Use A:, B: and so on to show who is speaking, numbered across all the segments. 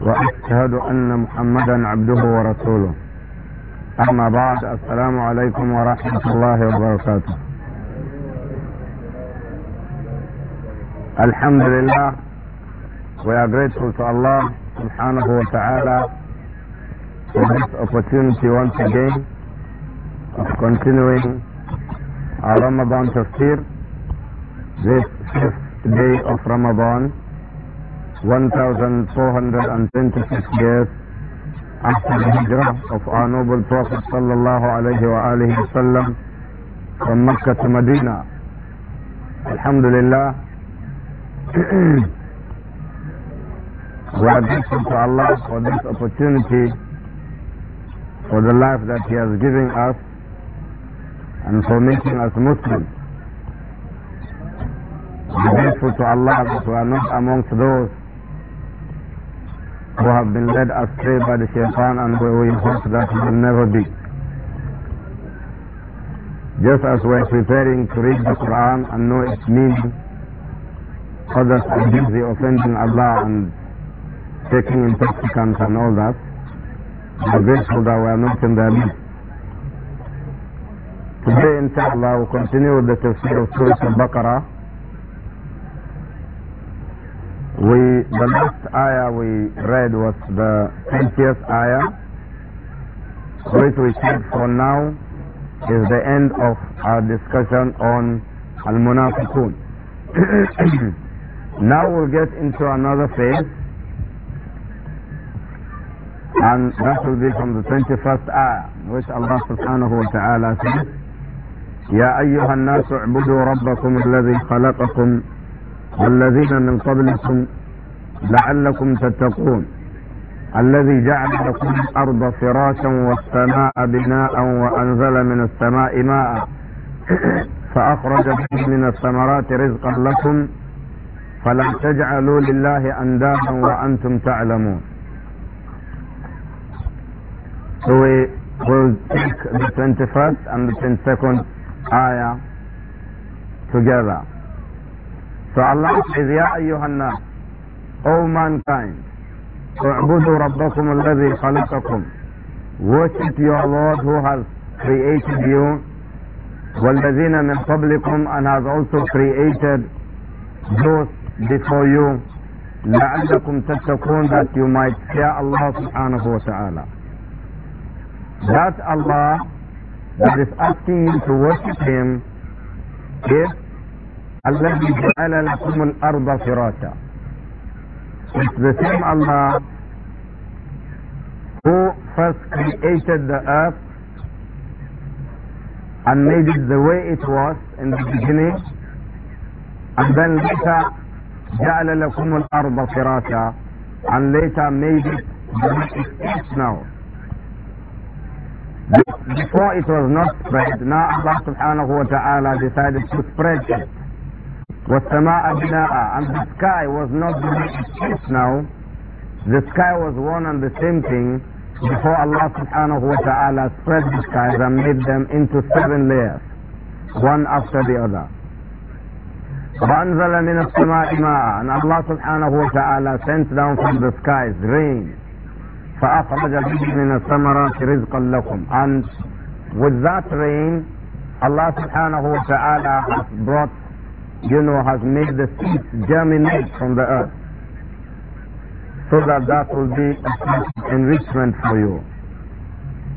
A: واشهد ان محمدا عبده ورسوله اما بعد السلام عليكم ورحمه الله وبركاته
B: الحمد لله
A: we are grateful to Allah سبحانه وتعالى for this opportunity once again of continuing our Ramadan tafsir, this fifth day of Ramadan, 1426 years after the hijrah of our noble Prophet sallallahu alayhi wa wa wasallam from Mecca to Medina. Alhamdulillah, we are grateful to Allah for this opportunity, for the life that He has given us, and for making us Muslims. We are grateful to Allah that we are not amongst those who have been led astray by the shaitan and we hope that will never be. Just as we're preparing to read the Quran and know its meaning, others are busy offending Allah and taking intoxicants and all that. We're grateful that we are not in their midst. Today, inshallah, we'll continue with the tafsir of Surah Al-Baqarah. the last ayah we read was the 20th ayah, which we said for now is the end of our discussion on Al-Munafiqun. now we'll get into another phase, and that will be from the 21st ayah, which Allah subhanahu wa ta'ala says, يا أيها الناس اعبدوا ربكم الذي خلقكم والذين من قبلكم لعلكم تتقون الذي جعل لكم الأرض فراشا والسماء بناء وأنزل من السماء ماء فأخرج من الثمرات رزقا لكم فلا تجعلوا لله أندادا وأنتم تعلمون So we will take the 21st and the 22nd ayah together. So Allah says, Ya ayyuhannas, all mankind, اعبدوا ربكم الذي خلقكم Worship your Lord who has created you والذين من قبلكم and has also created those before you لعلكم تتقون that you might fear Allah subhanahu wa ta'ala that Allah that is asking you to worship him is الذي جعل لكم الأرض فراشا it's the same Allah who first created the earth and made it the way it was in the beginning and then later جعل لكم الأرض فراشا and later made it the way it is now. Before it was not spread, now Allah subhanahu wa ta'ala decided to spread it. وَالسَّمَاءَ بِنَاءً And the sky was not built now. The sky was one and the same thing before Allah subhanahu wa ta'ala spread the skies and made them into seven layers, one after the other. وَأَنْزَلَ مِنَ السَّمَاءِ مَاءً And Allah subhanahu wa ta'ala sent down from the skies rain. فَأَخْرَجَ بِهِ مِنَ الثَّمَرَاتِ رِزْقًا لَكُمْ And with that rain, Allah subhanahu wa ta'ala has brought you know, has made the seeds germinate from the earth. So that that will be enrichment for you.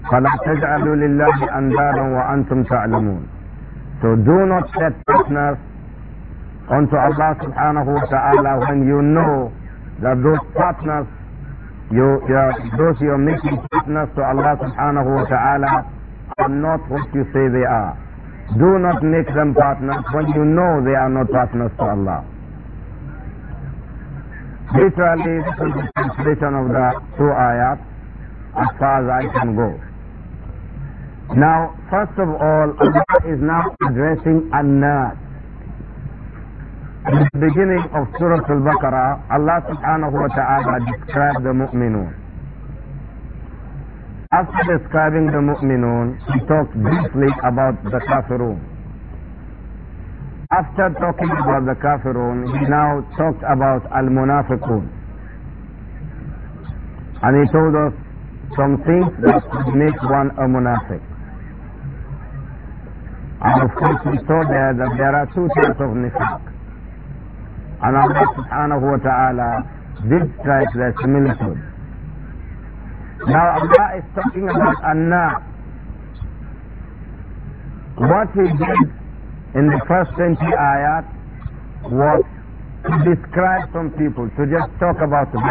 A: So do not set partners unto Allah subhanahu wa ta'ala when you know that those partners, you, you are, those you are making partners to Allah subhanahu wa ta'ala are not what you say they are. Do not make them partners when you know they are not partners to Allah. Literally, this is the translation of the two ayat as far as I can go. Now, first of all, Allah is now addressing An-Nas. In the beginning of Surah Al-Baqarah, Allah subhanahu wa ta'ala described the mu'minun. After describing the mu'minun, he talked briefly about the kafirun. After talking about the kafirun, he now talked about al-munafiqun. And he told us some things that would make one a munafiq. And of course we saw there that there are two types of nifaq. And Allah subhanahu wa ta'ala did strike their similitude. Now Allah is talking about Anna. What he did in the first 20 ayat was to describe some people, to just talk about them.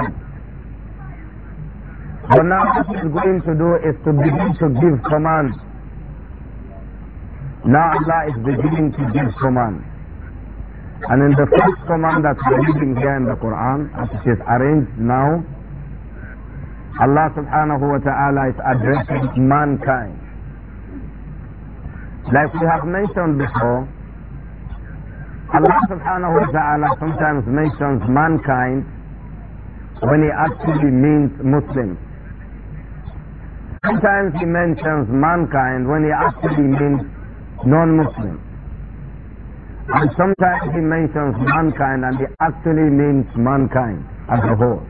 A: But now what he's going to do is to begin to give commands. Now Allah is beginning to give commands. And in the first command that we're reading here in the Quran, as it is arranged now, Allah subhanahu wa ta'ala is addressing mankind. Like we have mentioned before, Allah subhanahu wa ta'ala sometimes mentions mankind when he actually means Muslims. Sometimes he mentions mankind when he actually means non-Muslims. And sometimes he mentions mankind and he actually means mankind as a whole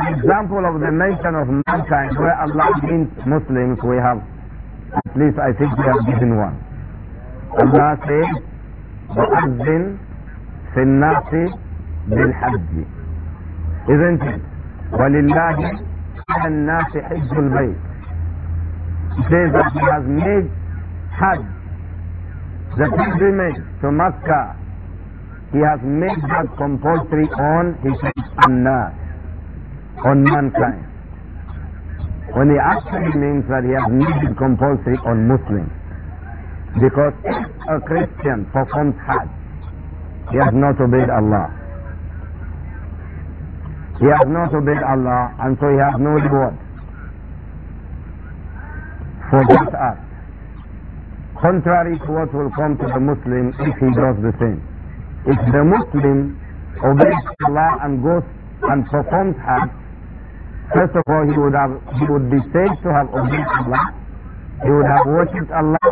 A: an example of the mention of mankind where Allah means Muslims, we have, at least I think we have given one. Allah says, وَأَذِّنْ فِي النَّاسِ بِالْحَجِّ Isn't it? وَلِلَّهِ عَلَى النَّاسِ حِجُّ الْبَيْتِ He says that He has made Hajj, the pilgrimage to Mecca. He has made that compulsory on His Annas on mankind. When he actually means that he has made it compulsory on Muslims. Because if a Christian performs Hajj, he has not obeyed Allah. He has not obeyed Allah and so he has no reward for that act. Contrary to what will come to the Muslim if he does the same. If the Muslim obeys Allah and goes and performs Hajj, First of all, he would, have, he would be said to have obeyed Allah, he would have worshipped Allah,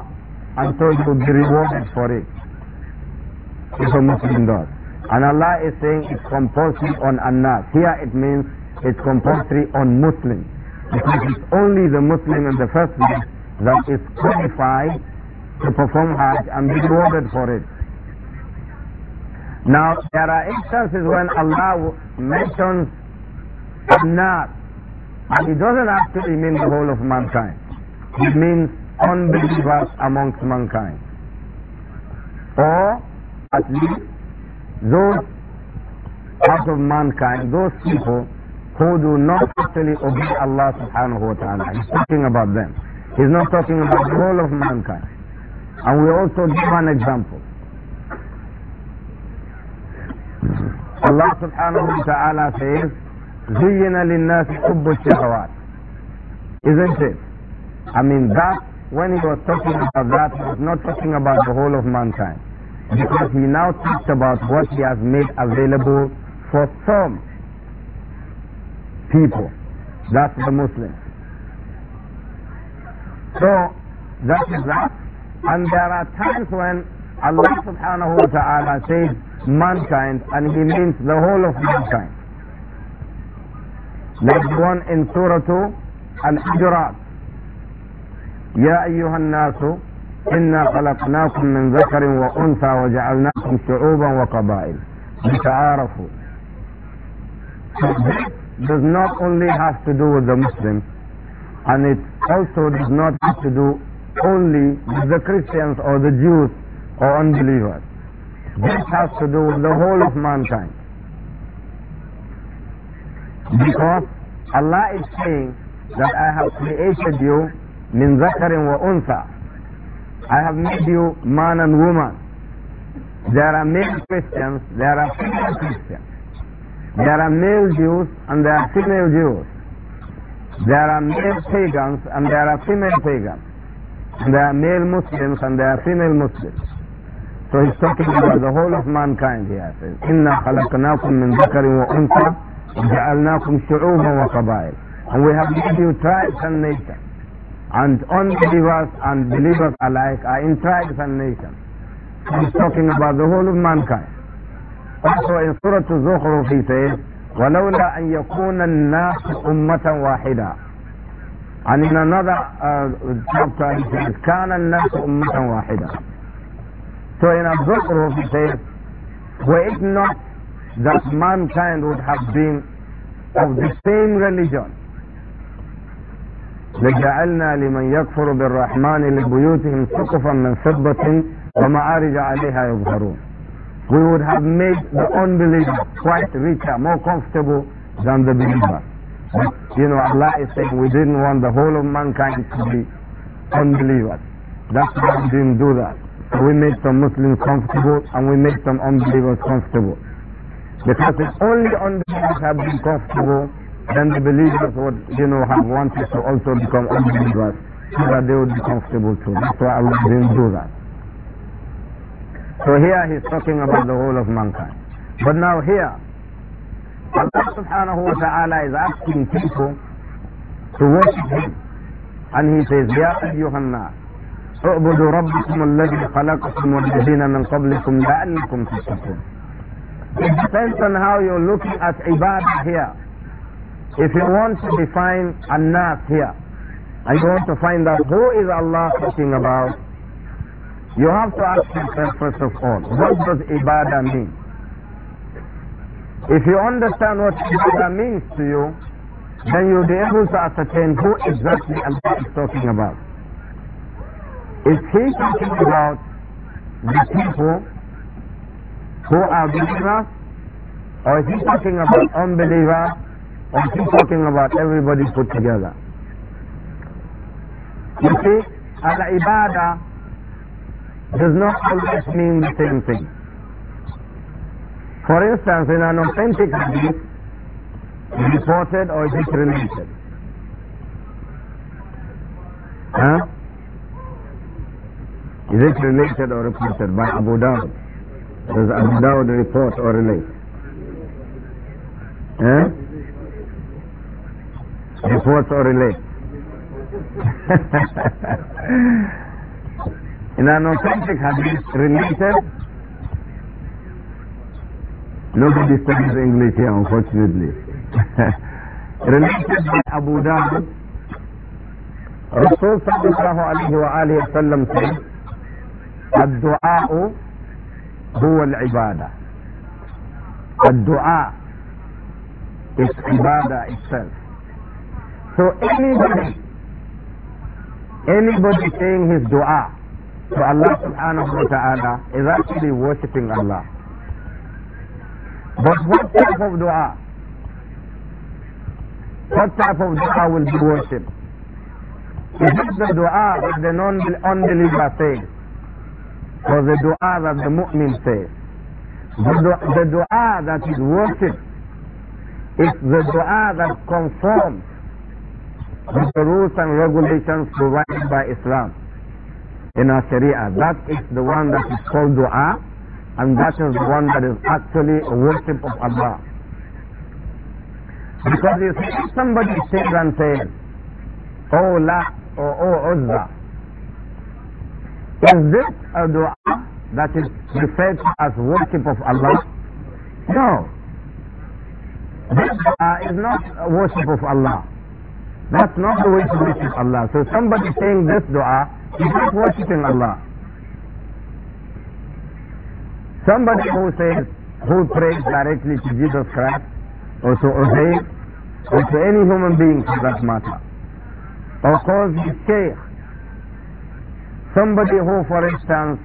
A: and so he would be rewarded for it. If a Muslim does. And Allah is saying it's compulsory on Anas. Here it means it's compulsory on Muslims. Because it's only the Muslim in the first place that is qualified to perform Hajj and be rewarded for it. Now, there are instances when Allah mentions Anas and he doesn't actually mean the whole of mankind. He means unbelievers amongst mankind. Or, at least, those out of mankind, those people who do not actually obey Allah subhanahu wa ta'ala. He's talking about them. He's not talking about the whole of mankind. And we also give an example. Allah subhanahu wa ta'ala says, زين للناس حب الشهوات isn't it I mean that when he was talking about that he was not talking about the whole of mankind because he now talked about what he has made available for some people that's the Muslims so that is that and there are times when Allah subhanahu wa ta'ala says mankind and he means the whole of mankind like one in Surah 2, Al-Hujurat. يا أيها الناس إنا خلقناكم من ذكر وأنثى وجعلناكم شعوبا وقبائل لتعارفوا. This does not only have to do with the Muslims, and it also does not have to do only with the Christians or the Jews or unbelievers. This has to do with the whole of mankind. Because Allah is saying that I have created you min zakarin wa unsa. I have made you man and woman. There are male Christians, there are female Christians. There are male Jews and there are female Jews. There are male pagans and there are female pagans. there are male Muslims and there are female Muslims. So he's talking about the whole of mankind here. Inna khalaqnakum min zakarin wa unsa. وجعلناكم شعوبا وقبائل and we have made you tribes and nations and unbelievers and believers alike are in tribes and nations he's talking about the whole of mankind also in Surah Zukhruf he says ولولا أن يكون الناس أمة واحدة and in another uh, chapter he says كان الناس أمة واحدة so in Zukhruf he says were it not that mankind would have been of the same religion. لجعلنا لمن يكفر بالرحمن لبيوتهم سقفا من فضة ومعارج عليها يظهرون. We would have made the unbeliever quite richer, more comfortable than the believer. But, you know, Allah is saying we didn't want the whole of mankind to be unbelievers. That's why we didn't do that. So we made some Muslims comfortable and we made some unbelievers comfortable. Because it's only on the ones have been comfortable, then the believers would, you know, have wanted to also become unbelievers so that they would be comfortable too. That's why Allah didn't do that. So here he's talking about the whole of mankind. But now here, Allah subhanahu wa ta'ala is asking people to worship him. And he says, Ya ayyuhan nas, اعبدوا ربكم الذي خلقكم والذين من قبلكم لعلكم تتقون it depends on how you're looking at ibadah here. If you want to define an-nas here, and you want to find out who is Allah talking about, you have to ask yourself first of all, what does ibadah mean? If you understand what ibadah means to you, then you'll be able to ascertain who exactly Allah is talking about. Is he talking about the people who are believers? Or is he talking about unbelievers? Or is he talking about everybody put together? You see, al-ibadah does not always mean the same thing. For instance, in an authentic hadith, reported or is it related? Huh? Is it related or reported by Abu Dawud? Does Abu report or relate? Eh? Reports or relate? In an authentic hadith related, nobody studies English here unfortunately. related by Abu Dawud, Rasul sallallahu alayhi wa alayhi wa sallam said, الدعاء هو العبادة الدعاء is ibadah itself. So anybody, anybody saying his dua to Allah subhanahu wa ta'ala is actually worshipping Allah. But what type of dua? What type of dua will be worshipped? Is it the dua that the non-believer says? for the dua that the mu'min says. The, du- the dua that is worshipped is the dua that conforms with the rules and regulations provided by Islam in our Sharia. That is the one that is called dua and that is the one that is actually a worship of Allah. Because if somebody stands and says, Oh La or Oh, oh is this a dua that is referred to as worship of Allah? No. This dua is not worship of Allah. That's not the way to worship Allah. So somebody saying this dua is not worshipping Allah. Somebody who says, who prays directly to Jesus Christ, or to Uzair, or to any human being for that matter, or calls his Shaykh, Somebody who, for instance,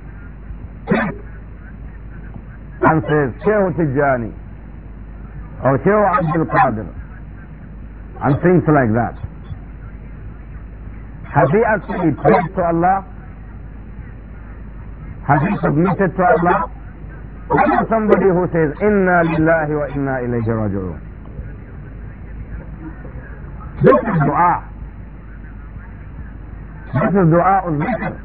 A: and says, Shehu Tijani, or Shehu Abdul Qadir, and things like that. Has he actually prayed to Allah? Has he submitted to Allah? What is somebody who says, Inna lillahi wa inna ilayhi raji'un? This is dua. This is dua al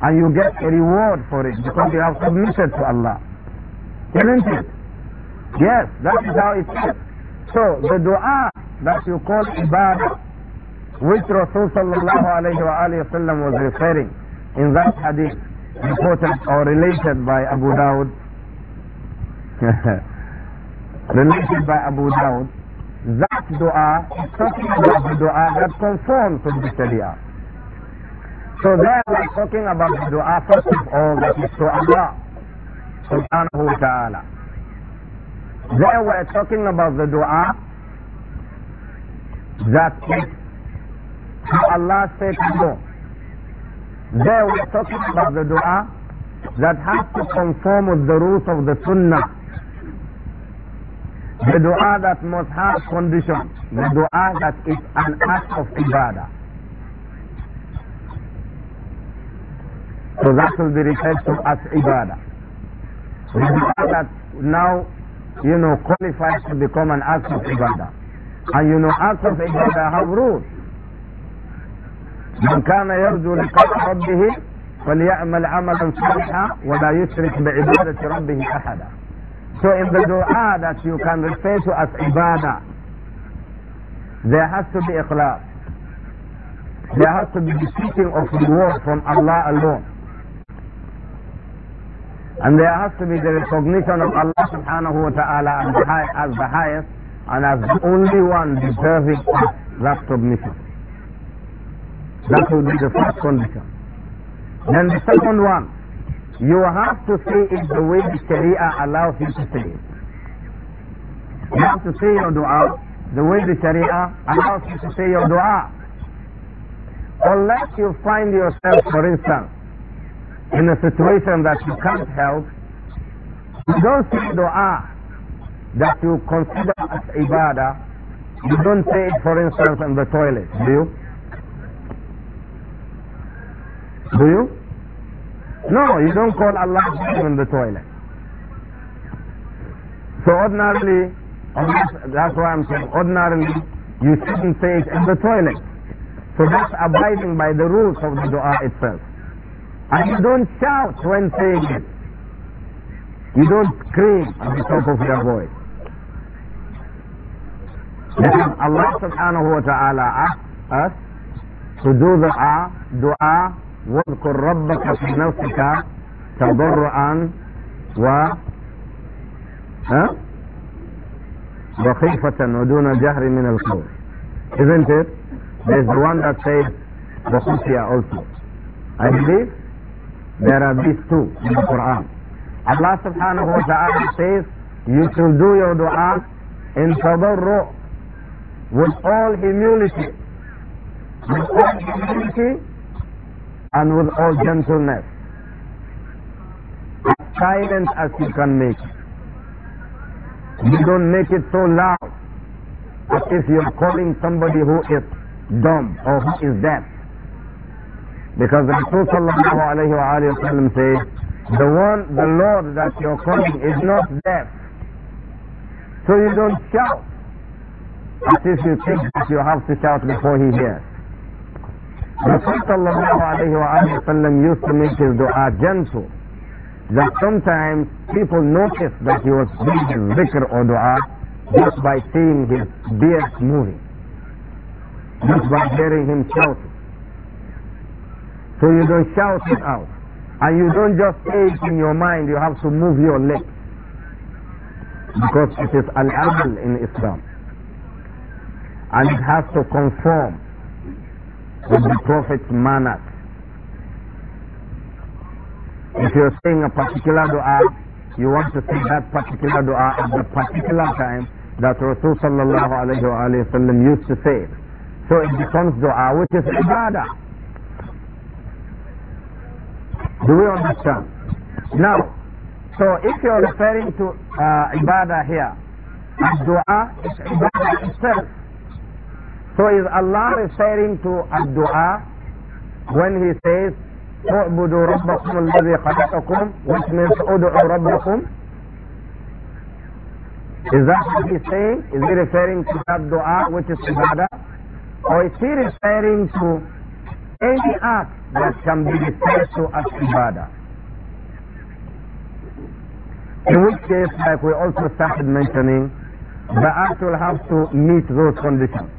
A: and you get a reward for it because you have submitted to Allah. Isn't it? Yes, that is how it is. So the dua that you call ibadah, which Rasul was referring in that hadith reported or related by Abu Dawud, related by Abu Dawud, that dua is talking about the dua that conforms to the Sharia. So there we are talking about the dua first of all that is to Allah subhanahu wa ta'ala. There we are talking about the dua that is to Allah say to do. There we are talking about the dua that has to conform with the rules of the sunnah. The dua that must have conditions. The dua that is an act of ibadah. So that will be referred to as ibadah. The ibadah now, you know, qualifies to become an act of ibadah. And you know, acts of ibadah have rules. من كان يرجو لقاء ربه فليعمل عملا صالحا ولا يشرك بعبادة ربه أحدا. So in the dua that you can refer to as ibadah, there has to be ikhlas. There has to be the seeking of reward from Allah alone. And there has to be the recognition of Allah subhanahu wa ta'ala as the, high, as the highest and as the only one deserving of that submission. That will be the first condition. Then the second one, you have to say it the way the Sharia allows you to say it. You have to say your dua the way the Sharia allows you to say your dua. Unless you find yourself, for instance, in a situation that you can't help, you don't say dua that you consider as ibadah. You don't say it, for instance, in the toilet, do you? Do you? No, you don't call Allah in the toilet. So ordinarily, that's why I'm saying, ordinarily, you shouldn't say it in the toilet. So that's abiding by the rules of the dua itself. And you don't shout when saying it. You don't scream at the top of your voice. Because Allah subhanahu wa ta'ala asks us to do the dua, واذكر ربك في نفسك تضرعا و ها وخيفة ودون جهر من القول isn't it there's the one that says وخفية also I believe there are these two in the Quran. Allah subhanahu wa ta'ala says, you shall do your dua in tadarru with all humility, with all humility and with all gentleness. As silent as you can make it. You don't make it so loud as if you're calling somebody who is dumb or who is deaf. Because the Prophet sallallahu says, the one, the Lord that you're calling is not deaf. So you don't shout as if you think that you have to shout before he hears. The Prophet alayhi used to make his dua gentle. That sometimes people noticed that he was doing his dhikr or dua just by seeing his beard moving, just by hearing him shout. So you don't shout it out. And you don't just say it in your mind, you have to move your lips. Because it is al-adl in Islam. And it has to conform with the Prophet's manners. If you're saying a particular dua, you want to say that particular dua at the particular time that Rasul used to say. So it becomes dua which is ibadah. Do we understand? Now, so if you're referring to uh, ibadah here, dua is ibadah itself. So is Allah referring to dua when He says, اعبدوا ربكم الذي خلقكم which means ادعوا ربكم Is that what he's saying? Is he referring to that dua which is ibadah? Or is he referring to any act that can be referred to as ibadah. In which case, like we also started mentioning, the act will have to meet those conditions.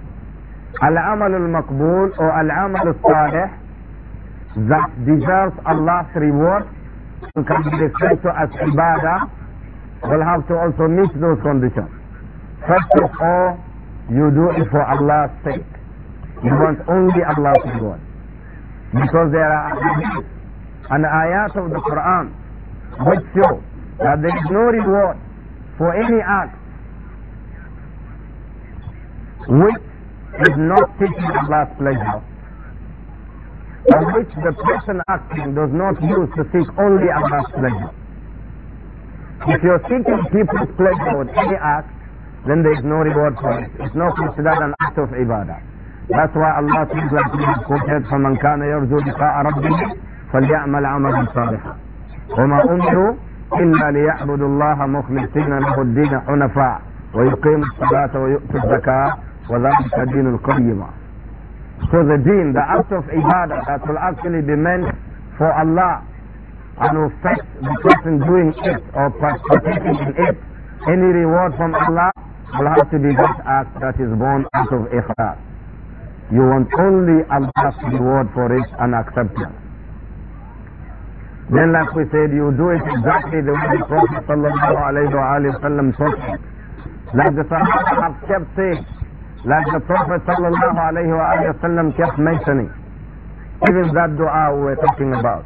A: Al-amal al-maqbool or al-amal al-salih that deserves Allah's reward and can be referred to as ibadah will have to also meet those conditions. First of all, you do it for Allah's sake. You want only Allah's reward. Because there are hadith and ayat of the Quran which show that there is no reward for any act which is not taking Allah's pleasure or which the person acting does not use to seek only Allah's pleasure. If you're seeking people's pleasure with any act, then there is no reward for it. It's not considered an act of ibadah. That's why Allah says like فَمَنْ كَانَ يَرْجُو لِقَاءَ رَبِّهِ فَلْيَعْمَلْ عَمَلًا صَالِحًا وما أمروا إلا ليعبدوا الله مخلصين له الدين حنفاء ويقيموا الصلاة ويؤتوا الزكاة وذلك الدين القيم So the deen, the act of ibadah that will actually be meant for Allah and will fetch the person doing it or participating in it, any reward from Allah will have to be that act that is born out of ikhlas. You want only Allah's reward for it and acceptance. Then like we said, you do it exactly the way the Prophet ﷺ taught it. Like the Sahaba have kept saying, like the Prophet ﷺ kept mentioning. Even that dua we're talking about.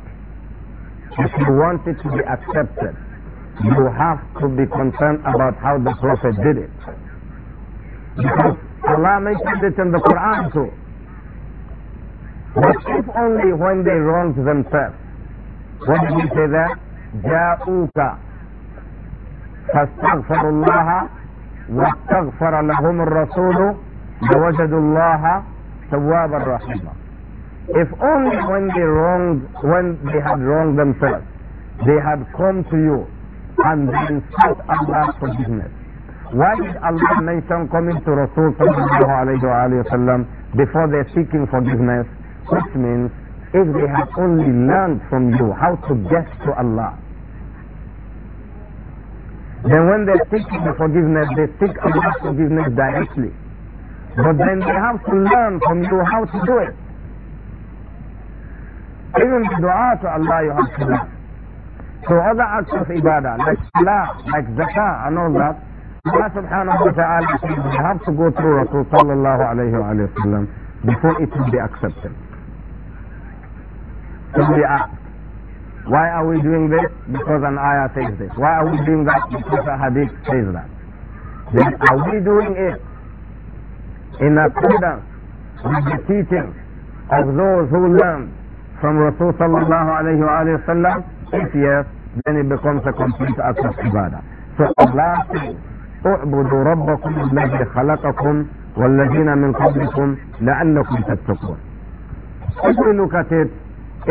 A: If you want it to be accepted, you have to be concerned about how the Prophet did it. Because Allah mentioned it in the Quran too. But if only when they wronged themselves. What did he say there? جاءوك فاستغفروا الله واستغفر لهم الرسول لوجدوا الله توابا رحيما if only when they wronged, when they had wronged themselves, they had come to you and they sought Allah's forgiveness. Why did Allah mention coming to Rasul وسلم, before they're seeking forgiveness? Which means if they have only learned from you how to get to Allah. Then when they're seeking the forgiveness, they seek Allah's forgiveness directly. But then they have to learn from you how to do it. Even the dua to Allah you have to learn. So other acts of ibadah, like salah, like zakah and all that, Allah سبحانه وتعالى ta'ala we have to go through Rasul sallallahu alayhi before it will be accepted. So we ask, why are we doing this? Because an ayah says this. Why are we doing that? Because a hadith says that. Then are we doing it in accordance with the teaching of those who learned from Rasul sallallahu alayhi wa sallam? If yes, then it becomes a complete act of ibadah. So Allah says, اعبدوا ربكم الذي خلقكم والذين من قبلكم لعلكم تتقون If we look at it,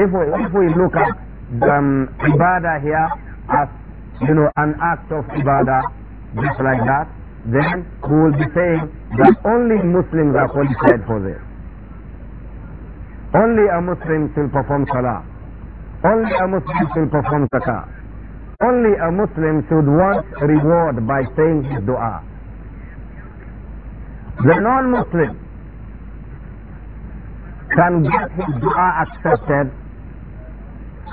A: if we, if we look at the um, ibadah here as, you know, an act of ibadah, just like that, then we will be saying that only Muslims are qualified for this. Only a Muslim can perform salah. Only a Muslim can perform zakah. Only a Muslim should want reward by saying his dua. The non-Muslim can get his dua accepted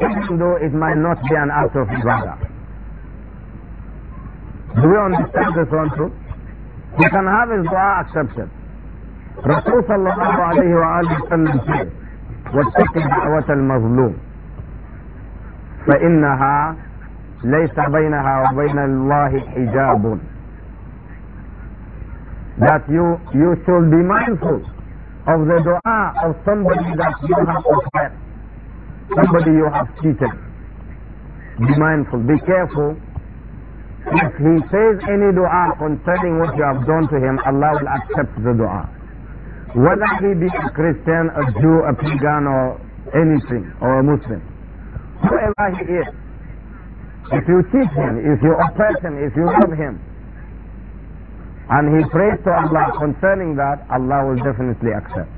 A: even though it might not be an act of ibadah. Do we understand this one too? He can have his dua accepted. Rasul sallallahu alayhi wa alayhi wa sallam said, وَاتَّقِ دَعْوَةَ الْمَظْلُومِ فَإِنَّهَا ليس بينها وبين الله حجاب that you you should be mindful of the dua of somebody that you have offended somebody you have cheated be mindful be careful if he says any dua concerning what you have done to him Allah will accept the dua whether he be a Christian a Jew a pagan or anything or a Muslim whoever he is if you cheat him, if you oppress him, if you love him, and he prays to Allah concerning that, Allah will definitely accept.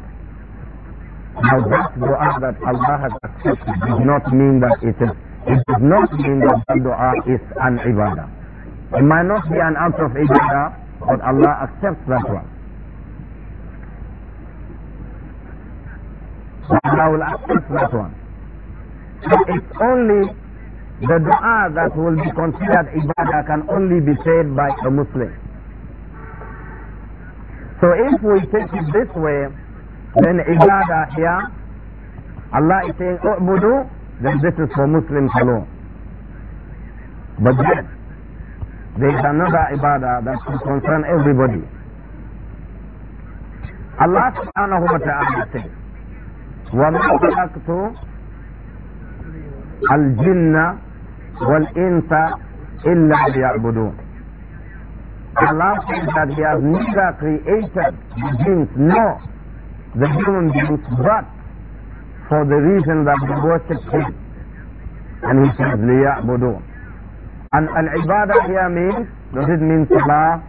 A: Now that dua that Allah has accepted does not mean that it is, it does not mean that that dua is an ibadah. It might not be an act of ibadah, but Allah accepts that one. Allah will accept that one. So it's only the dua that will be considered ibadah can only be said by a Muslim. So if we take it this way, then ibadah here, Allah is saying, U'budu, then this is for Muslims alone. But yet, there is another ibadah that should concern everybody. Allah subhanahu wa ta'ala says, وَمَا خَلَقْتُ الْجِنَّ وَالْإِنْسَ إِلَّا لِيَعْبُدُونَ Allah says that He has neither created the beings nor the human beings but for the reason that they worship Him. And He says, لِيَعْبُدُونَ And al-ibadah here means, does it mean salah?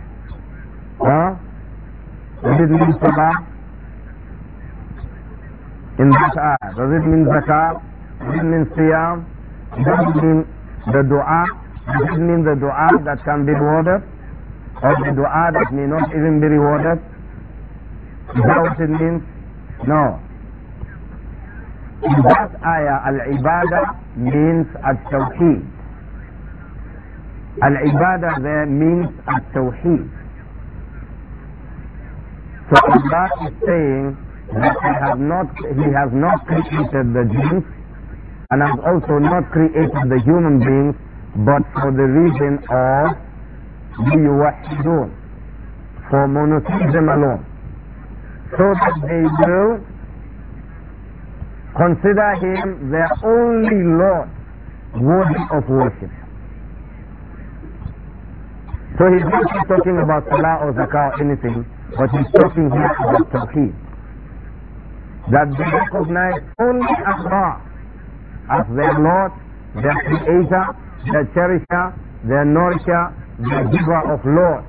A: Huh? Does it mean salah? In this ayah, does it mean zakah? Does it mean siyam? Does it mean the dua, does it mean the dua that can be rewarded? Or the dua that may not even be rewarded? Is that what it means? No. In that ayah, al-ibadah means al-tawheed. Al-ibadah there means al-tawheed. So Allah is saying that he has not, he has not created the jinns and I've also not created the human beings but for the reason of ليوحدون for monotheism alone so that they will consider him their only Lord worthy of worship so he's not talking about Salah or Zakah or anything but he's talking here about Tawheed that they recognize only Allah as their Lord, their Creator, their Cherisher, their Nourisher, their Giver of Lord.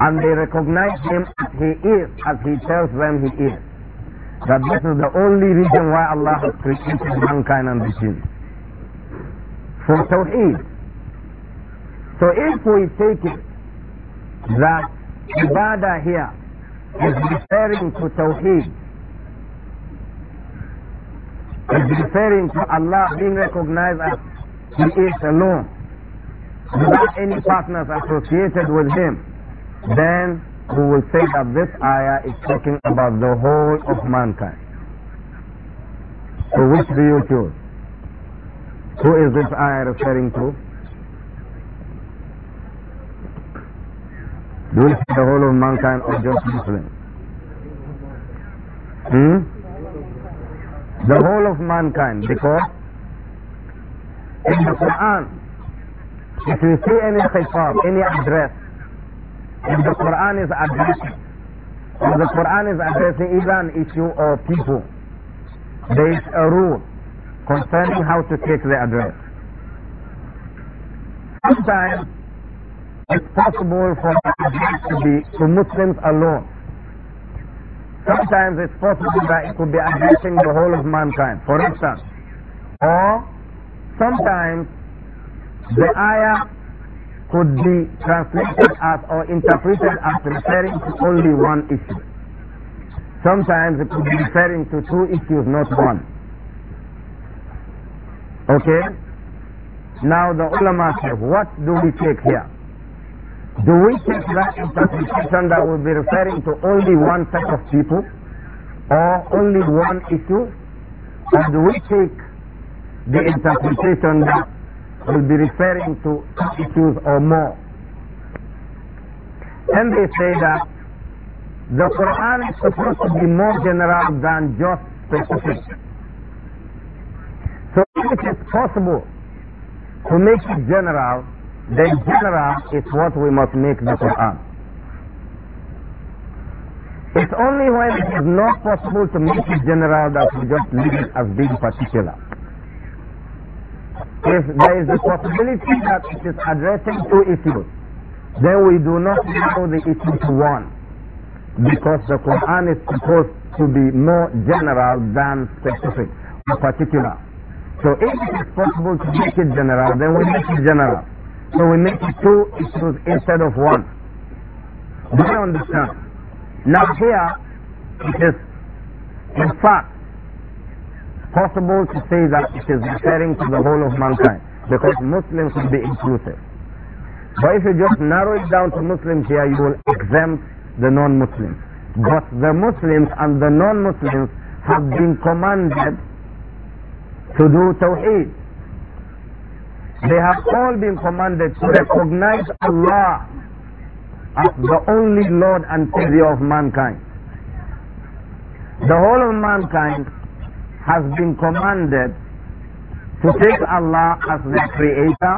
A: And they recognize Him as He is, as He tells them He is. That this is the only reason why Allah has created mankind and the jinn. For Tawheed. So if we take it that Ibadah here is referring to Tawheed, is referring to Allah being recognized as He is alone, without any partners associated with Him, then we will say that this ayah is talking about the whole of mankind. So which do you choose? Who is this ayah referring to? Do you say the whole of mankind or just Muslims? Hmm? the whole of mankind because in the Quran if you see any khitab, any address if the Quran is addressing if the Quran is addressing either an issue or people there is a rule concerning how to take the address sometimes it's possible for address to be to Muslims alone Sometimes it's possible that it could be addressing the whole of mankind, for instance. Or sometimes the ayah could be translated as or interpreted as referring to only one issue. Sometimes it could be referring to two issues, not one. Okay? Now the ulama say, what do we take here? Do we take that interpretation that will be referring to only one type of people or only one issue? Or do we take the interpretation that will be referring to issues or more? And they say that the Quran is supposed to be more general than just specific. So if it is possible to make it general, then general is what we must make the Quran. It's only when it is not possible to make it general that we just leave it as being particular. If there is the possibility that it is addressing two issues, then we do not narrow the issue to one, because the Quran is supposed to be more general than specific or particular. So if it is possible to make it general, then we make it general. So we make it two issues instead of one. Do you understand? Now here, it is in fact possible to say that it is referring to the whole of mankind because Muslims will be inclusive. But if you just narrow it down to Muslims here, you will exempt the non-Muslims. But the Muslims and the non-Muslims have been commanded to do Tawheed. They have all been commanded to recognize Allah as the only Lord and Savior of mankind. The whole of mankind has been commanded to take Allah as their creator,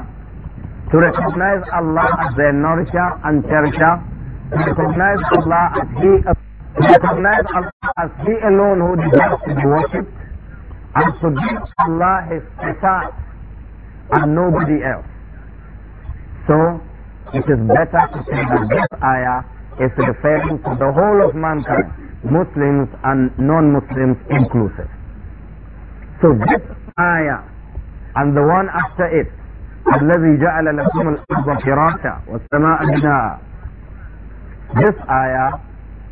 A: to recognize Allah as their nourisher and cherisher, to recognize Allah as He, to recognize Allah as He alone who deserves to be worshipped, and to give Allah His sifat, and nobody else. So it is better to say that this ayah is referring to the whole of mankind, Muslims and non-Muslims inclusive. So this ayah and the one after it, الذي جعل لكم الأرض فراشا والسماء بناء. This ayah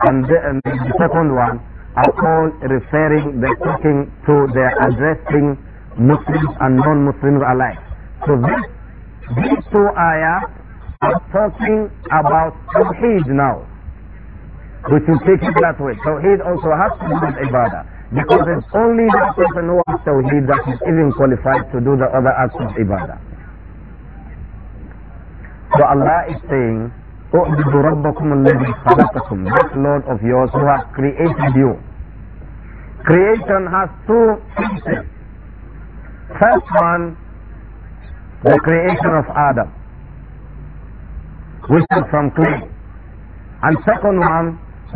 A: and the, and the second one are all referring, they're talking to, they're addressing Muslims and non-Muslims alike. So this, these two ayah are talking about Tawheed now. We should take it that way. Tawheed also has to do with Ibadah. Because it's only that person who has Tawheed that is even qualified to do the other acts of Ibadah. So Allah is saying, اعبدوا ربكم that Lord of yours who has created you creation has two pieces first one the creation of Adam, which is from clay. And second one,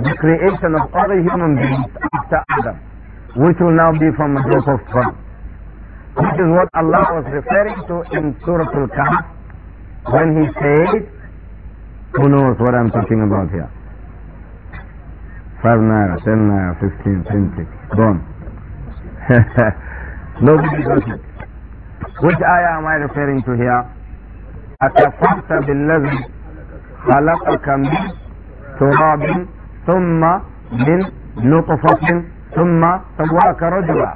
A: the creation of other human beings after Adam, which will now be from a drop of twelve. This is what Allah was referring to in Surah Al-Kahf when He said, who knows what I'm talking about here? 5 naira, 10 naira, 15, 20, gone. Nobody knows it. Which ayah am I referring to here? أَتَفَرْتَ بِالَّذِي خَلَقَكَ مِنْ تُرَابٍ ثُمَّ مِنْ نُطْفَةٍ ثُمَّ سَوَّاكَ رَجُلًا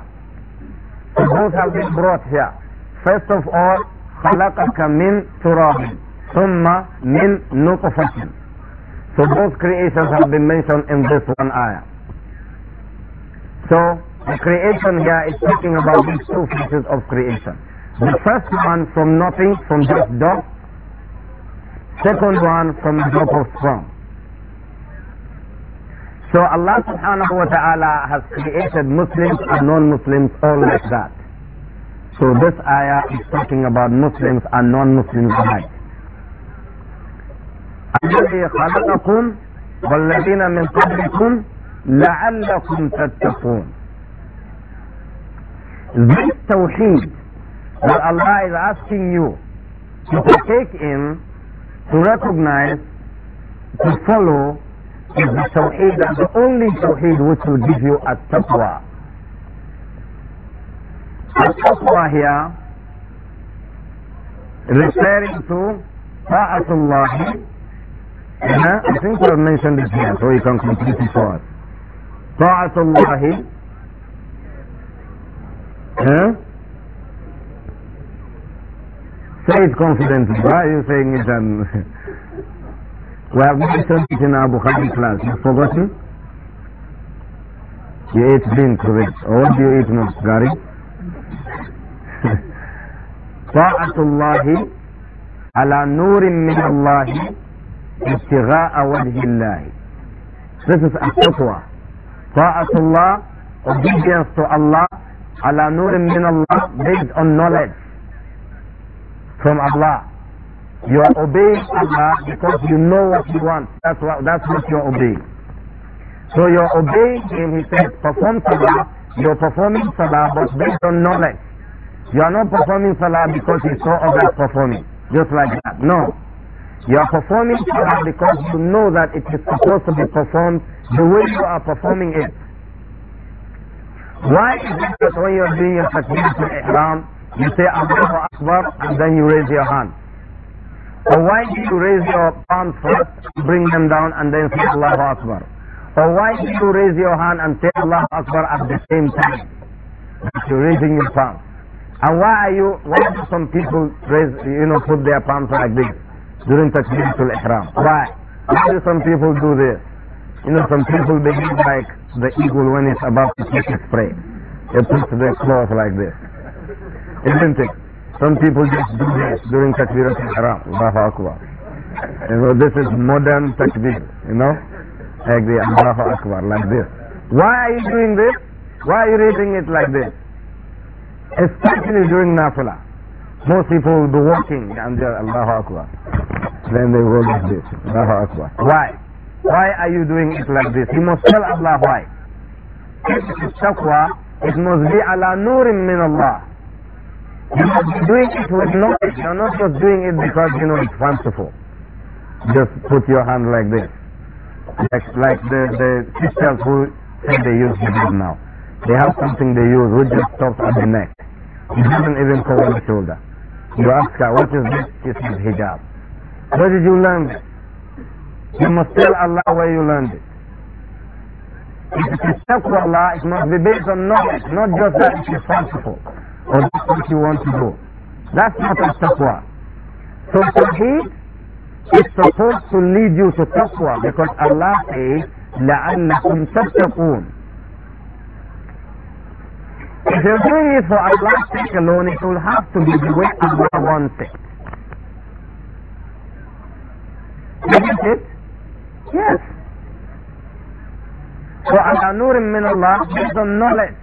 A: So both have been brought here. First of all, خَلَقَكَ مِنْ تُرَابٍ ثُمَّ مِنْ نُطْفَةٍ So both creations have been mentioned in this one ayah. So the creation here is talking about these two phases of creation. The first one from nothing, from just dust. Second one from drop of sperm. So Allah subhanahu wa ta'ala has created Muslims and non-Muslims all like that. So this ayah is talking about Muslims and non-Muslims alike. الذي خلقكم والذين من قبلكم لعلكم تتقون. This tawheed that Allah is asking you to take in, to recognize, to follow is the Tawheed the only Tawheed which will give you a taqwa. A taqwa here referring to Ta'atullah. uh I think we have mentioned it here, so you can complete it for us. Ta'atullah. Huh? Say it confidently. Why are you saying it? we have not it in our Bukhari class. You've forgotten? You ate beans with it. Or what do you eat most, Gary? Ta'atullahi ala على min من الله ابتغاء This is a taqwa. Ta'atullah, obedience to Allah, ala نور min Allah, based on knowledge from Allah. You are obeying Allah because you know what you want. That's what, that's what you're obeying. So you're obeying Him, He says, perform Salah. You're performing Salah, but based on knowledge. You are not performing Salah because you saw others performing. Just like that. No. You are performing Salah because you know that it is supposed to be performed the way you are performing it. Why is it that when you're doing your takbir to ihram, you say Allahu Akbar and then you raise your hand. Or why do you raise your palms first, bring them down and then say Allahu Akbar? Or why do you raise your hand and say Allahu Akbar at the same time? You're raising your palms. And why are you, why do some people raise, you know, put their palms like this during Takbiratul Ihram? Why? Why do some people do this? You know, some people behave like the eagle when it's about to take its prey. It puts their claws like this. Isn't it? Some people just do this during Takbirat al-Haram. Allahu Akbar. You know, this is modern Takbir, you know? Like the Allahu Akbar, like this. Why are you doing this? Why are you reading it like this? Especially during Nafilah. Most people will be walking and they're Allahu Akbar. Then they will like this. Allahu Akbar. Why? Why are you doing it like this? You must tell Allah why. If it is taqwa, it must be ala nurim min Allah. You are doing it with knowledge. You're not just doing it because you know it's fanciful. Just put your hand like this. Like, like the, the sisters who say they use hijab now. They have something they use which just stops at the neck. It doesn't even cover the shoulder. You ask her, what is this? She says hijab. Where did you learn it? You must tell Allah where you learned it. If it is taqwa Allah, it must be based on knowledge, not just that it is fanciful or that's what you want to do. That's not a taqwa. So Tawheed is supposed to lead you to taqwa because Allah says, لَعَلَّكُمْ تَتَّقُونَ If you're doing it for Allah's sake alone, it will have to be the way Allah wants it. Isn't it? Yes. For Allah من الله based on knowledge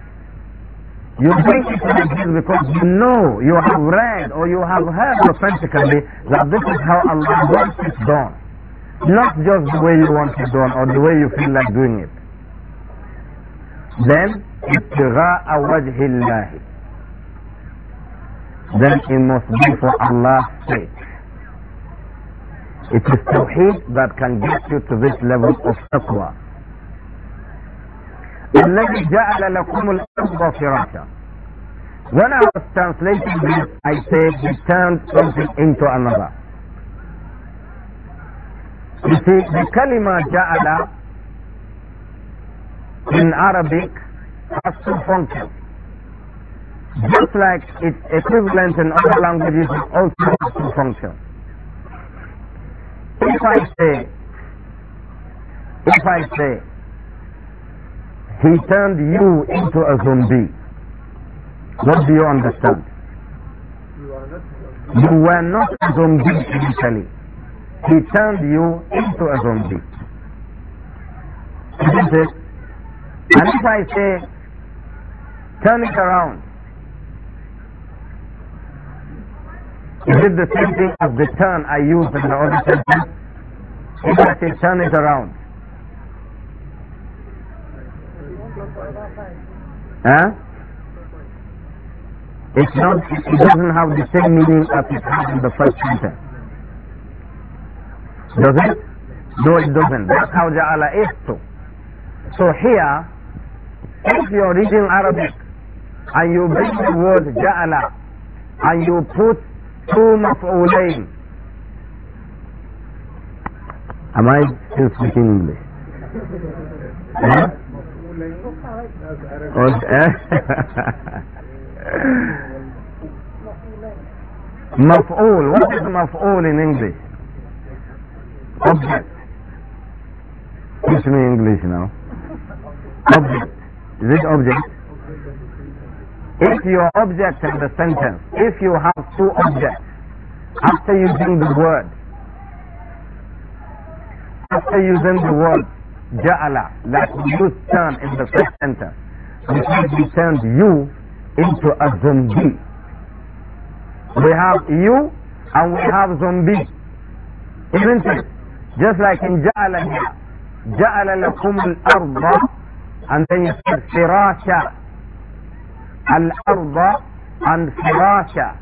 A: you bring it to because you know, you have read or you have heard authentically that this is how Allah wants it done. Not just the way you want it done or the way you feel like doing it. Then, ابتغاء وجه Then it must be for Allah's sake. It is Tawheed that can get you to this level of taqwa. الذي جعل لكم الأرض فراشا When I was translating this, I said he turned something into another. You see, the kalima ja'ala in Arabic has two functions. Just like its equivalent in other languages, it also has two functions. If I say, if I say, he turned you into a zombie. What do you understand?
B: You
A: were not a zombie initially. He turned you into a zombie. Isn't it? And if I say, turn it around, is it the same thing as the turn I used in the other sentence? If I say, turn it around,
B: Huh?
A: It's not, it doesn't have the same meaning as it had in the first sentence. Does it? No, it doesn't. That's how Ja'ala is too. So here, if you're reading Arabic and you bring the word Ja'ala and you put two maf'ulayn, am I still speaking English?
B: Huh? قلت اه
A: مفعول what is مفعول in English object teach me English now object is it object if your object in the sentence if you have two objects after using the word after using the word ja'ala, that you stand in the first sentence, because he turned you into a zombie. We have you and we have zombie. Isn't it? Just like in ja'ala here. جعل لكم الأرض and then you said فراشا الأرض and Firasha.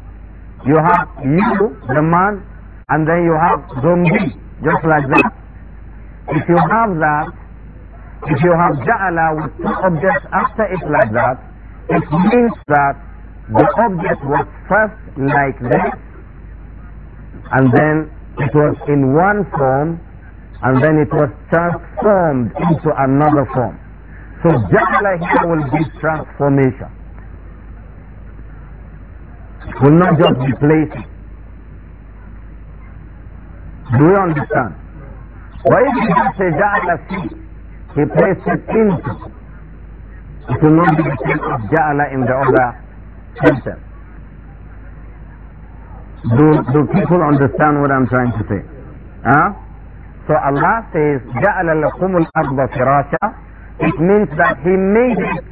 A: you have you the man and then you have zombie just like that if you have that if you have ja'ala with two objects after it like that, it means that the object was first like this, and then it was in one form, and then it was transformed into another form. So ja'ala here will be transformation. It will not just be placing. Do you understand? Why did you say ja'ala he placed it into. It will not be the same of Ja'ala in the other sentence. Do, do people understand what I'm trying to say? Huh? So Allah says, جَعَلَ لَكُمُ الْأَرْضَ فِرَاشًا It means that He made it,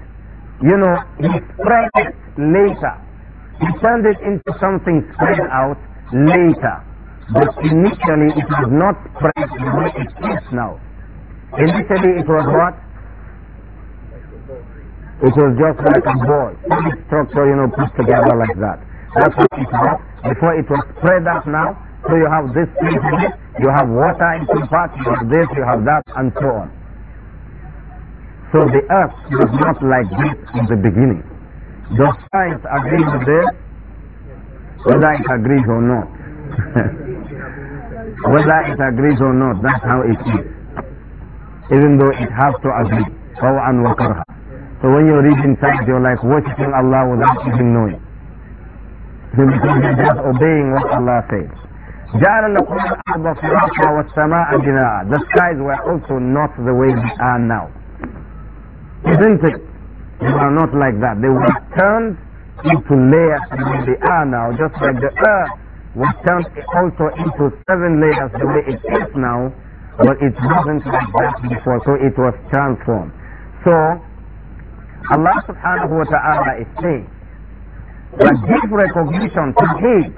A: you know, He spread it later. He turned it into something spread out later. But initially it was not spread the way it is now. Initially it was what? It was just like a ball, solid structure, you know, put together like that. That's what it was. Before it was spread out now, so you have this in it, you have water in some parts, you have this, you have that, and so on. So the earth was not like this in the beginning. Does science agree with this? Whether it agrees or not. Whether it agrees or not, that's how it is even though it has to agree. طَوْعًا وَكَرْهًا So when you read inside, you're like worshipping Allah without even knowing. Because you're just obeying what Allah says. جعل والسماء بناء The skies were also not the way they are now. Isn't it? They were not like that. They were turned into layers the way they are now, just like the earth was turned also into seven layers the way it is now. But it wasn't like that before, so it was transformed. So, Allah subhanahu wa ta'ala is saying that give recognition to hate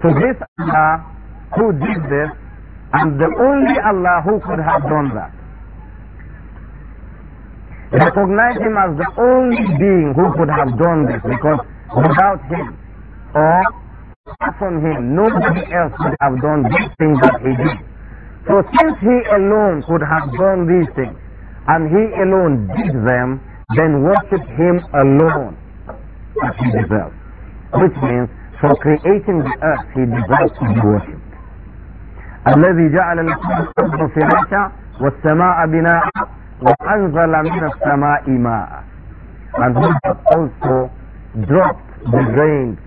A: to this Allah who did this and the only Allah who could have done that. Recognize him as the only being who could have done this because without him or from him nobody else could have done this thing that he did. So since he alone could have done these things, and he alone did them, then worship him alone as he deserves. Which means, for creating the earth, he deserves to be worshipped. الذي جعل الأرض فراشا والسماء بناء وأنزل من السماء ماء and who also dropped the rain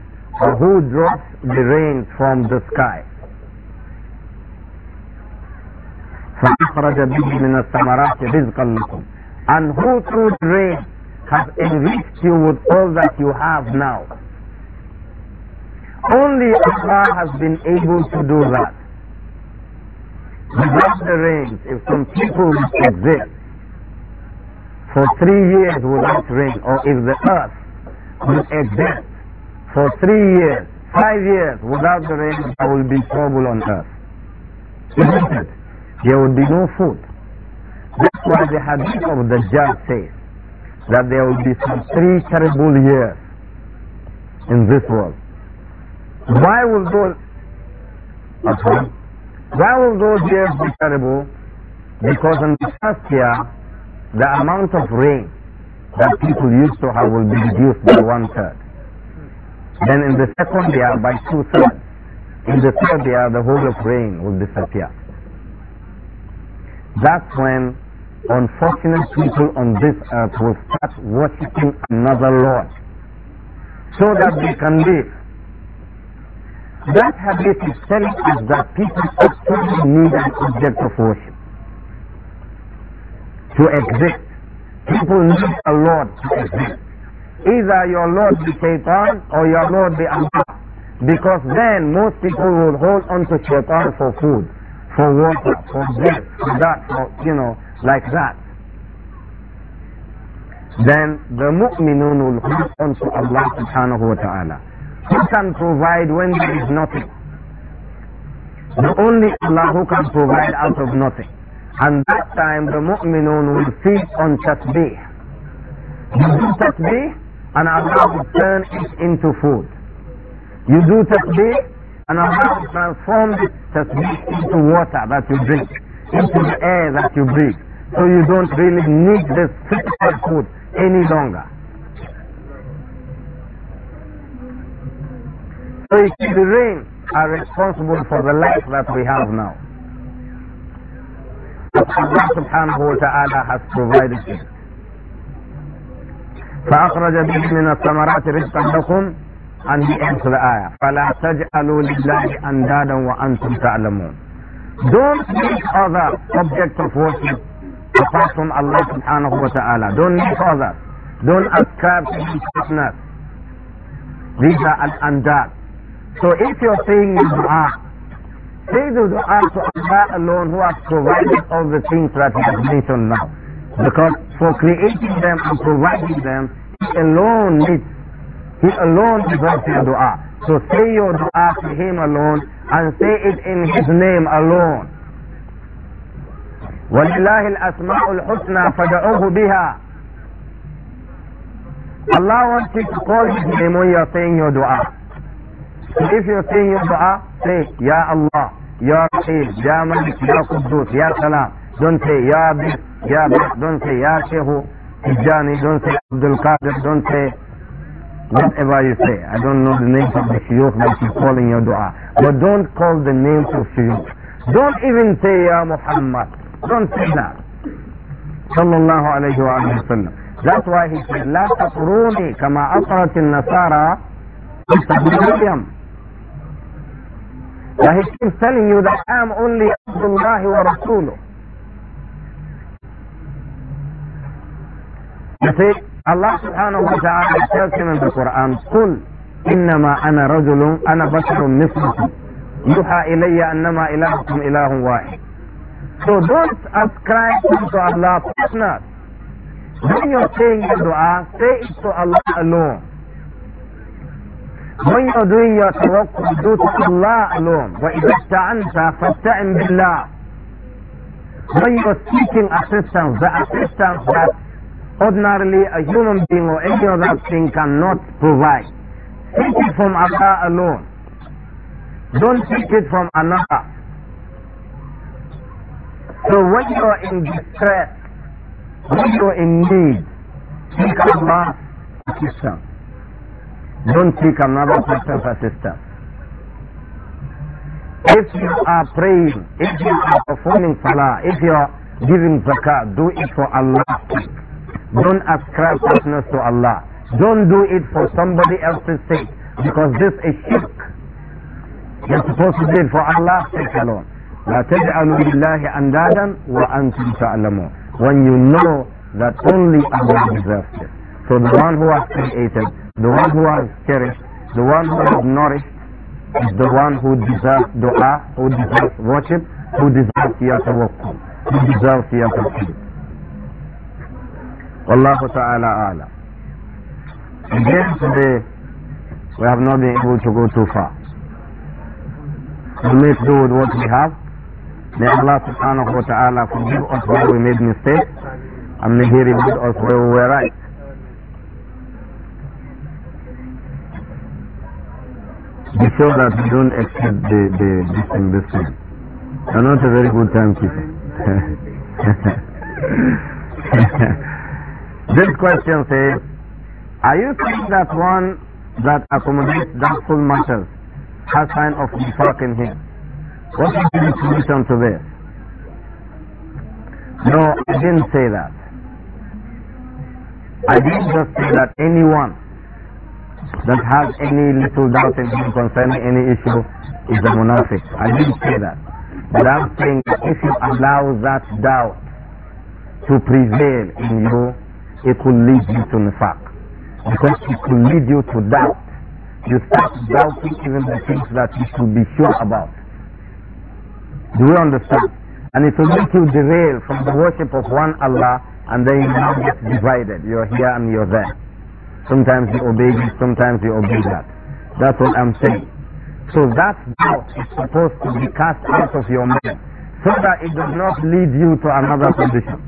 A: or who drops the rain from the sky فأخرج به من الثمرات رزقا لكم and who through rain has enriched you with all that you have now only Allah has been able to do that without the rains if some people exist for three years without rain or if the earth will exist for three years five years without the rain there will be trouble on earth isn't it there would be no food. That's why the hadith of the jah says that there will be some three terrible years in this world. Why will those why will those years be terrible? Because in the first year the amount of rain that people used to have will be reduced by one third. Then in the second year by two thirds. In the third year the whole of rain will disappear that's when unfortunate people on this earth will start worshipping another Lord so that they can live. That habit is telling us that people actually need an object of worship to exist. People need a Lord to exist. Either your Lord be Shaitan or your Lord be Allah. Because then most people will hold on to Shaitan for food for water, for this, for that, for, you know, like that. Then the mu'minun will hold on to Allah subhanahu wa ta'ala. Who can provide when there is nothing? The only Allah who can provide out of nothing. And that time the mu'minun will feed on tasbih. You do tasbih and Allah will turn it into food. You do tasbih and how to transform this into water that you drink, into the air that you breathe. So you don't really need this physical food any longer. So it is the rain are responsible for the life that we have now. But Allah subhanahu wa ta'ala has provided it. فأخرج به من الثمرات رزقا لكم and the end فَلَا تَجْعَلُوا لِلَّهِ أَنْدَادًا وَأَنْتُمْ تَعْلَمُونَ Don't make other object of worship apart from Allah subhanahu wa ta'ala. Don't make other. Don't ascribe to him partners. These are al-andad. So if you're saying dua, say the dua to Allah alone who has provided all the things that we have mentioned now. Because for creating them and providing them, He alone needs He alone deserves your dua. So say your dua to Him alone and say it in His name alone. ولله الأسماء الحسنى فادعوه بها Allah wants you to call His name when you are saying your dua. So if you are saying your dua, say Ya Allah, Ya Rahim, Ya Malik, Ya Quddus, Ya Salam. Don't say Ya Bis, Ya Bis, don't say Ya Shehu, Tijani, don't say Abdul Qadir, don't say whatever you say. I don't know the names of the shuyukh that you call in your dua. But don't call the names of shuyukh. Don't even say Ya Muhammad. Don't say that. Sallallahu alayhi wa sallam. That's why he said, لا تقروني كما أقرت النصارى مريم. Now he keeps telling you that I am only Abdullah wa Rasuluh. You see, Allah subhanahu wa ta'ala tells him in the Quran, قُلْ إِنَّمَا أَنَا رَجُلٌ أَنَا بَشَرٌ مِثْلُكُمْ يُحَى إِلَيَّ أَنَّمَا إِلَهُكُمْ إِلَهٌ واحد. So don't ascribe to Allah partners. When you're saying your dua, say it to Allah alone. When you're doing your tawakkul, do to Allah alone. وَإِذَا اسْتَعَنْتَ فَاسْتَعِنْ بِاللَّهِ When you're seeking assistance, the assistance that ordinarily a human being or any other thing cannot provide. Take it from Allah alone. Don't take it from another. So when you are in distress, when you are in need, take Allah assistance. Don't take another person's assistance. If you are praying, if you are performing salah, if you are giving zakah, do it for Allah's sake. Don't ascribe partners to Allah. Don't do it for somebody else's sake because this is shirk. You're supposed to do it for Allah's sake alone. لا تجعلوا لله أندادا وأنتم تعلمون when you know that only Allah deserves it. So the one who has created, the one who has cherished, the one who has nourished is the one who deserves dua, who deserves worship, who deserves your tawakkul, who deserves your tawakkul. Wallahu ta'ala Ala. Again today, we have not been able to go too far. We make do with what we have. May Allah subhanahu wa ta'ala forgive us where we made mistakes and may He reward us where we were right. Be sure that we don't exceed the, the, this thing, this am You're not a very good timekeeper. This question says, are you saying that one that accommodates doubtful matters has sign of nifaq in him? What is your solution to this? No, I didn't say that. I didn't just say that anyone that has any little doubt in him concerning any issue is a monastic. I didn't say that. But I'm saying that if you allow that doubt to prevail in you, it could lead you to nifaq. Because it could lead you to doubt. You start doubting even the things that you should be sure about. Do you understand? And it will make you derail from the worship of one Allah and then you now get divided. You're here and you're there. Sometimes you obey this, sometimes you obey that. That's what I'm saying. So that doubt is supposed to be cast out of your mind so that it does not lead you to another condition.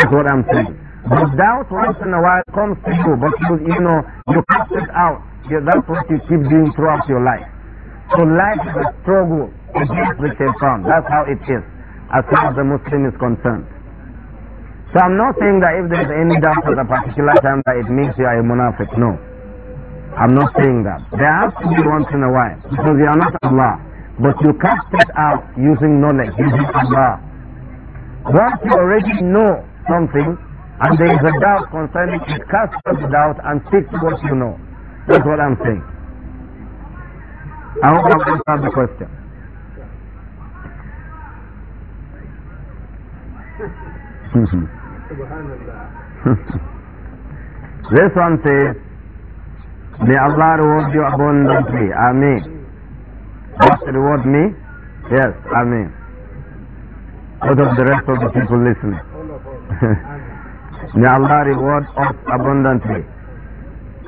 A: That's what I'm saying. But doubt once in a while comes to you, but you, you know, you cast it out. That's what you keep doing throughout your life. So life is a struggle against the shaitan. That's how it is, as far as the Muslim is concerned. So I'm not saying that if there's any doubt at a particular time that it means you are a munafiq. No. I'm not saying that. There has to be once in a while, because you are not Allah. But you cast it out using knowledge, using Allah. Once you already know something, and there is a doubt concerning it, cast out the doubt and stick to what you know. That's what I'm saying. I hope I've answered the question. this one says, May Allah reward you abundantly. Ameen. What reward me? Yes, Ameen.
B: What of the rest of the people listening?
A: May Allah reward us abundantly.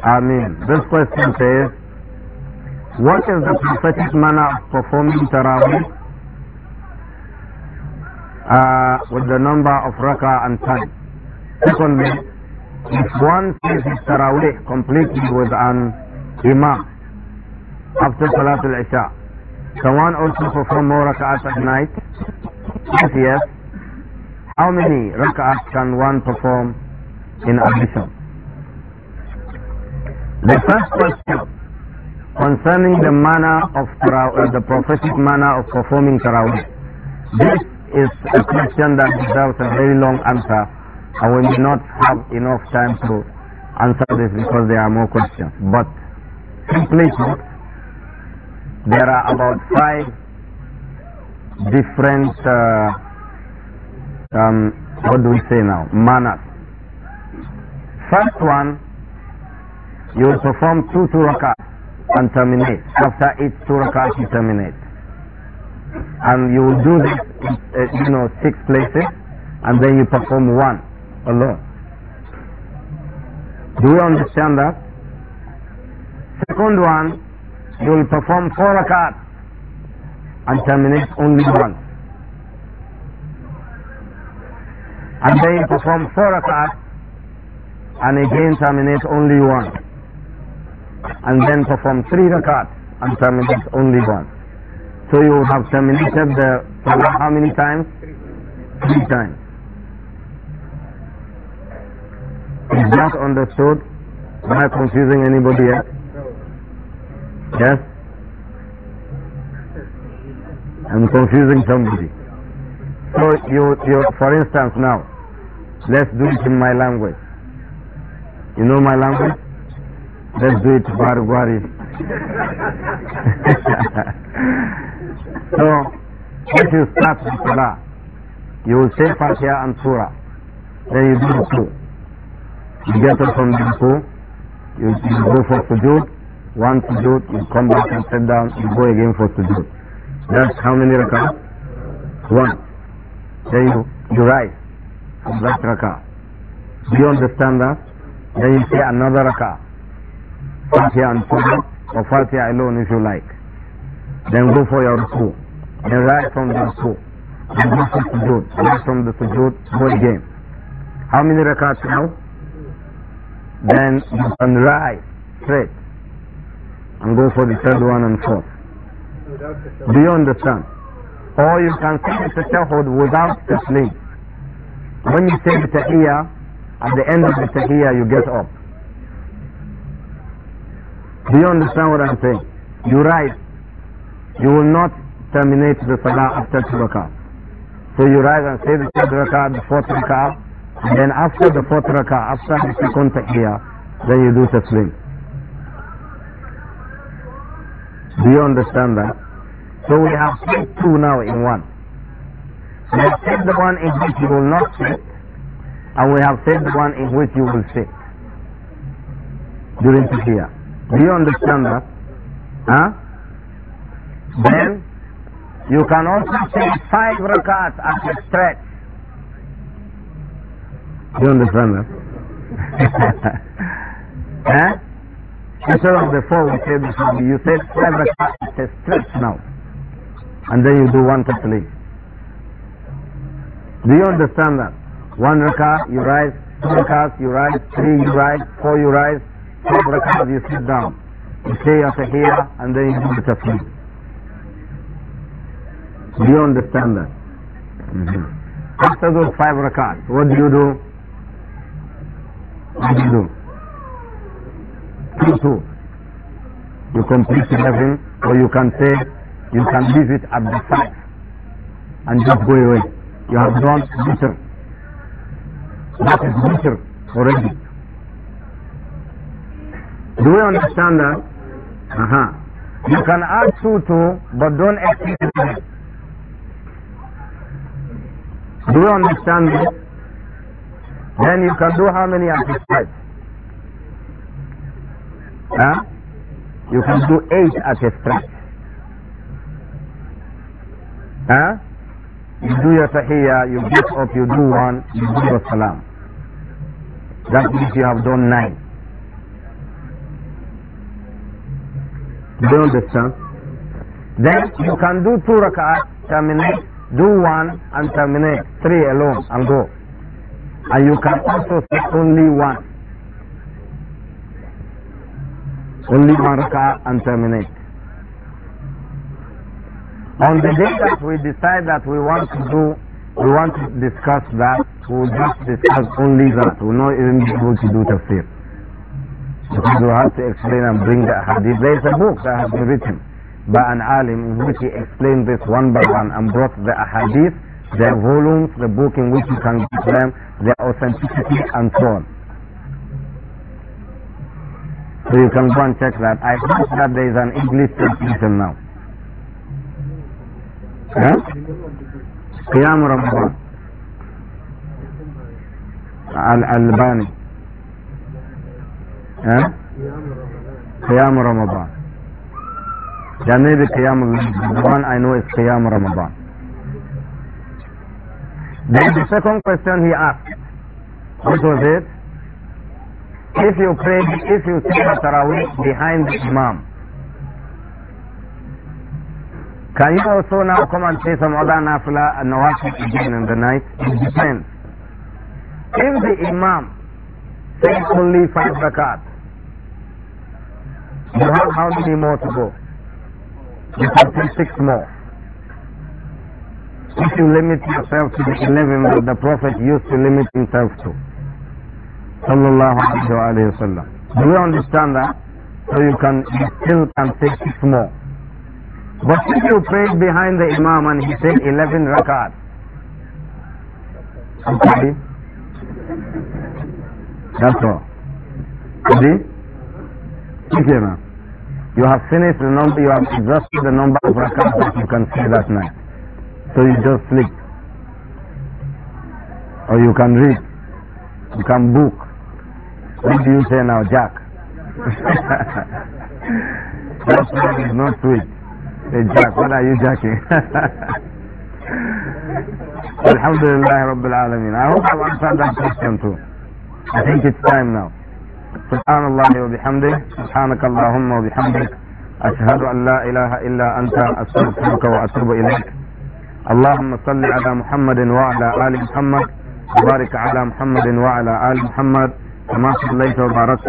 A: Ameen. This question says, what is the prophetic manner of performing Taraweeh uh, with the number of rak'ah and time? Secondly, if one says his Taraweeh completely with an imam after Salatul Isha, can one also perform more rak'ahs at night? If yes how many rak'ahs can one perform in addition?
B: The first question
A: concerning the manner of the prophetic manner of performing tarawih. This is a question that deserves a very long answer, and we may not have enough time to answer this because there are more questions. But simply put, there are about five different uh, um, what do we say now? Manners. First one, you will perform two turakas and terminate. After each turakas, you terminate. And you will do this, uh, you know, six places, and then you perform one alone. Do you understand that? Second one, you will perform four rakat and terminate only once. And then perform four rak'at and again terminate only one. And then perform three rak'at and terminate only one. So you have terminated the salah how many times? Three times. Is that understood? Am I confusing anybody yet? Yes? I'm confusing somebody. So you, you, for instance now, Let's do it in my language. You know my language? Let's do it Barwari. so, if you start with Salah, you will say Fatiha and Surah. Then you do the two. You get up from the two, you, you go for sujood, one sujood, you come back and sit down, you go again for sujood. That's how many rakah? One. Then you, you rise that rakah. Do you understand that? Then you say another rakah. Fatiha and Surah, or Fatiha alone if you like. Then go for your ruku. Then rise from the ruku. and go to sujood. Rise from the sujood, go again. How many rakats now? Then you can rise straight and go for the third one and fourth. Do you understand? Or you can say the tashahud without sleep. When you say the taqiyya, at the end of the taqiyya you get up. Do you understand what I'm saying? You rise. You will not terminate the salah after two rak'ah. So you rise and say the third rak'ah, the fourth rak'ah, and then after the fourth rak'ah, after the second taqiyya, then you do the taslim. Do you understand that? So we have two now in one. We have said the one in which you will not sit, and we have said the one in which you will sit during Tahiyya. Do you understand that? Huh? Then you can also say five rakat as a stretch. Do you understand that? huh? Instead of the four we said you said five rakat as a stretch now. And then you do one complete. Do you understand that? One rakah, you rise, two rakahs, you rise, three, you rise, four, you rise, five rakahs, you sit down. You say your tahiyya, and then you do the tafsir. Do you understand that? Mm -hmm. After those five rakahs, what do you do? What do you do? Two, two. You complete eleven, or you can say, you can leave it at the five, and just go away. You have drawn meter. That is meter already. Do we understand that? Uh-huh. You can add 2 to, but don't exceed it. Do you understand this? Then you can do how many at a stretch? Huh? You can do 8 at a stretch. Huh? You do your tahiya, you get up, you do one, you do your salam. That means you have done nine. Do you understand? Then you can do two rak'ahs, terminate, do one and terminate, three alone and go. And you can also say only one. Only one rak'ah and terminate. On the day that we decide that we want to do, we want to discuss that, we'll just discuss only that. We'll not even be able to do tafsir. Because we have to explain and bring the hadith. There is a book that has been written by an alim in which he explained this one by one and brought the hadith, their volumes, the book in which you can get them, their authenticity and so on. So you can go and check that. I think that there is an English translation now.
B: قيام رمضان
A: الألباني ها قيام رمضان Yeah, maybe Qiyam Ramadan, I know it's Qiyam Ramadan. Then the second question he asked, what was it? If you pray, if you sit say Tarawih behind the Imam, Can you also now come and say some other nafla and nawafil again in the night? It depends. If the imam says only five rakat, you have how many more to go? You can take six more. If you limit yourself to the eleven that the Prophet used to limit himself to. Sallallahu alayhi Wasallam. Do you understand that? So you can you still can take six more. But if you prayed behind the Imam and he said 11 rakat, okay, that's all. See? You have finished the number, you have exhausted the number of rakat that you can say that night. So you just sleep. Or you can read. You can book. What do you say now, Jack? That's why it's not sweet. Jack, what are you jacking? Alhamdulillah Rabbil Alameen. I hope i answered that question too. I think it's time now. Subhanallah wa bihamdi. Subhanak Allahumma wa bihamdi. أشهد أن لا إله إلا أنت أستغفرك وأتوب إليك اللهم صل على محمد وعلى آل محمد وبارك على محمد وعلى آل محمد كما صليت وباركت